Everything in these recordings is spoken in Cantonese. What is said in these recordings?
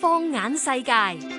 放眼世界。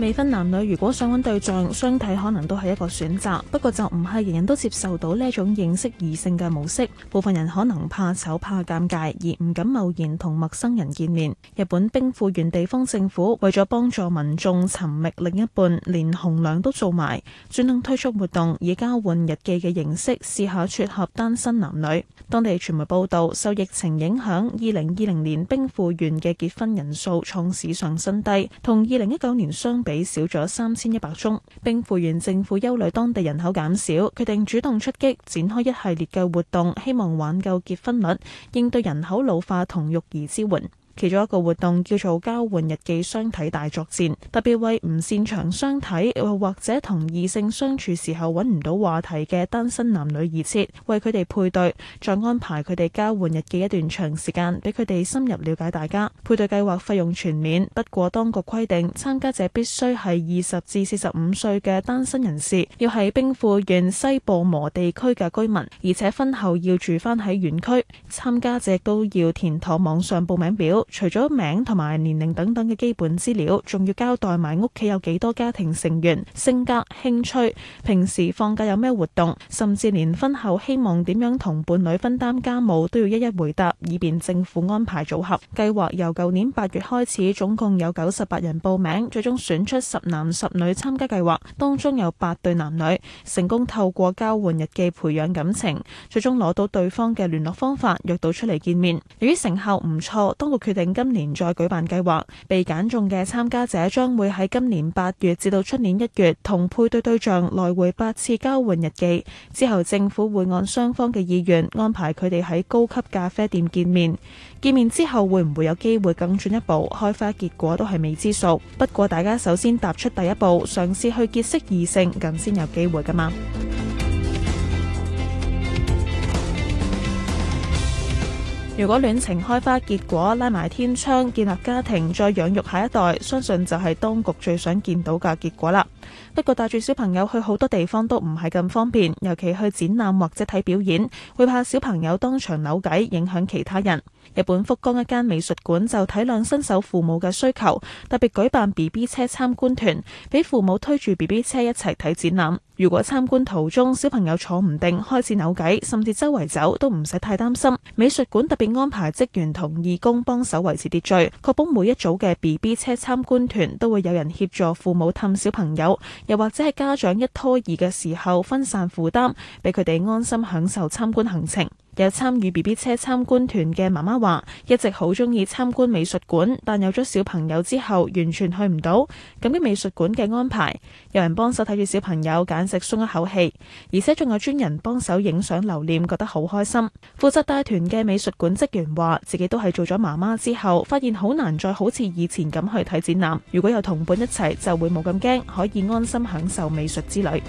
未婚男女如果想揾對象，相睇可能都係一個選擇。不過就唔係人人都接受到呢一種認識異性嘅模式。部分人可能怕醜怕尷尬而唔敢貿然同陌生人見面。日本兵庫縣地方政府為咗幫助民眾尋覓另一半，連紅娘都做埋，專登推出活動，以交換日記嘅形式試下撮合單身男女。當地傳媒報道，受疫情影響，二零二零年兵庫縣嘅結婚人數創史上新低，同二零一九年相比少咗三千一百宗，兵庫縣政府憂慮當地人口減少，決定主動出擊，展開一系列嘅活動，希望挽救結婚率，應對人口老化同育兒支援。其中一個活動叫做交換日記相睇大作戰，特別為唔擅長相睇又或者同異性相處時候揾唔到話題嘅單身男女而設，為佢哋配對，再安排佢哋交換日記一段長時間，俾佢哋深入了解大家。配對計劃費用全免，不過當局規定參加者必須係二十至四十五歲嘅單身人士，要喺兵庫縣西部磨地區嘅居民，而且婚後要住返喺原區。參加者都要填妥網上報名表。除咗名同埋年齡等等嘅基本資料，仲要交代埋屋企有幾多家庭成員、性格、興趣、平時放假有咩活動，甚至連婚後希望點樣同伴侶分擔家務都要一一回答，以便政府安排組合。計劃由舊年八月開始，總共有九十八人報名，最終選出十男十女參加計劃，當中有八對男女成功透過交換日記培養感情，最終攞到對方嘅聯絡方法，約到出嚟見面。由於成效唔錯，當局決定今年再舉辦計劃，被揀中嘅參加者將會喺今年八月至到出年一月同配對對象來回八次交換日記，之後政府會按雙方嘅意願安排佢哋喺高級咖啡店見面。見面之後會唔會有機會更進一步開花結果，都係未知數。不過大家首先踏出第一步，嘗試去結識異性，咁先有機會㗎嘛。如果戀情開花結果，拉埋天窗建立家庭，再養育下一代，相信就係當局最想見到嘅結果啦。不過帶住小朋友去好多地方都唔係咁方便，尤其去展覽或者睇表演，會怕小朋友當場扭計，影響其他人。日本福岡一間美術館就體諒新手父母嘅需求，特別舉辦 BB 車參觀團，俾父母推住 BB 車一齊睇展覽。如果參觀途中小朋友坐唔定，開始扭計，甚至周圍走，都唔使太擔心。美術館特別安排職員同義工幫手維持秩序，確保每一組嘅 BB 車參觀團都會有人協助父母氹小朋友，又或者係家長一拖二嘅時候分散負擔，俾佢哋安心享受參觀行程。有參與 BB 車參觀團嘅媽媽話：一直好中意參觀美術館，但有咗小朋友之後完全去唔到。感激美術館嘅安排，有人幫手睇住小朋友，簡直鬆一口氣。而且仲有專人幫手影相留念，覺得好開心。負責帶團嘅美術館職員話：自己都係做咗媽媽之後，發現好難再好似以前咁去睇展覽。如果有同伴一齊，就會冇咁驚，可以安心享受美術之旅。